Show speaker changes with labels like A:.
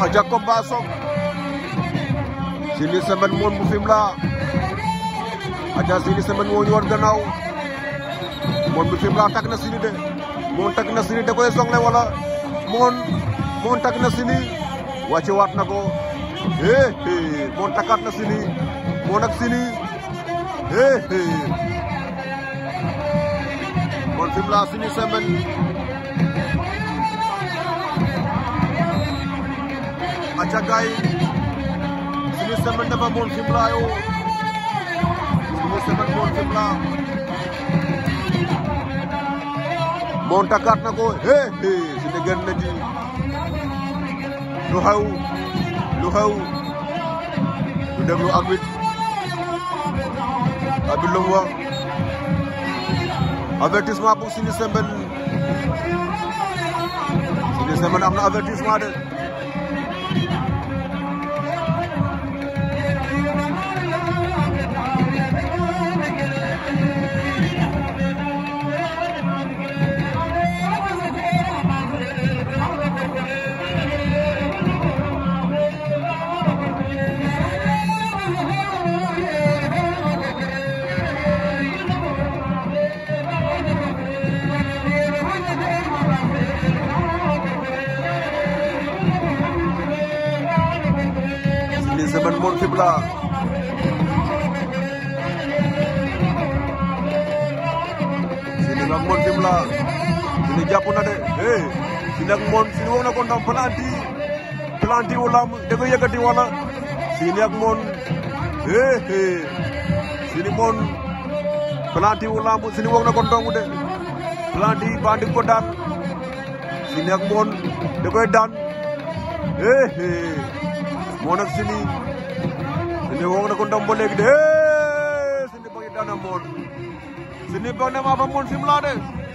A: a Jacob Bassong Siny Sembène moon bu Fimela Adja Siny Sembène moo ñu woon gannaaw moon bu Fimela takk na Siny moon takk na Siny da koy songle wala moon moon takk na Siny wàcce waat na ko eh eh moon takkaat na Siny moon ak Siny eh eh moon Fimela Siny Sembène cagaay suñu semaine dafa moon Fimela yoo suñu semaine moon Fimela moon takkaat na ko hee hee si ne gën lu xew lu xew ñu déglu abit abit lu mu wax avertissement pour suñu am na avertissement de semaine Mor Fibla Siny ak Mor Fibla Siny jàpp na de eh Siny ak Mor Siny woo na ko ndam planti planti wu lamb da nga yëkkati wala Siny ak Mor eh eh Siny Mor planti na ko de planti bandi ko daan ak Mor da koy daan eh eh Mor Siny woo na ko ndam ba léegi de Siny Bargny daan na Mbone Siny Bargny maa fa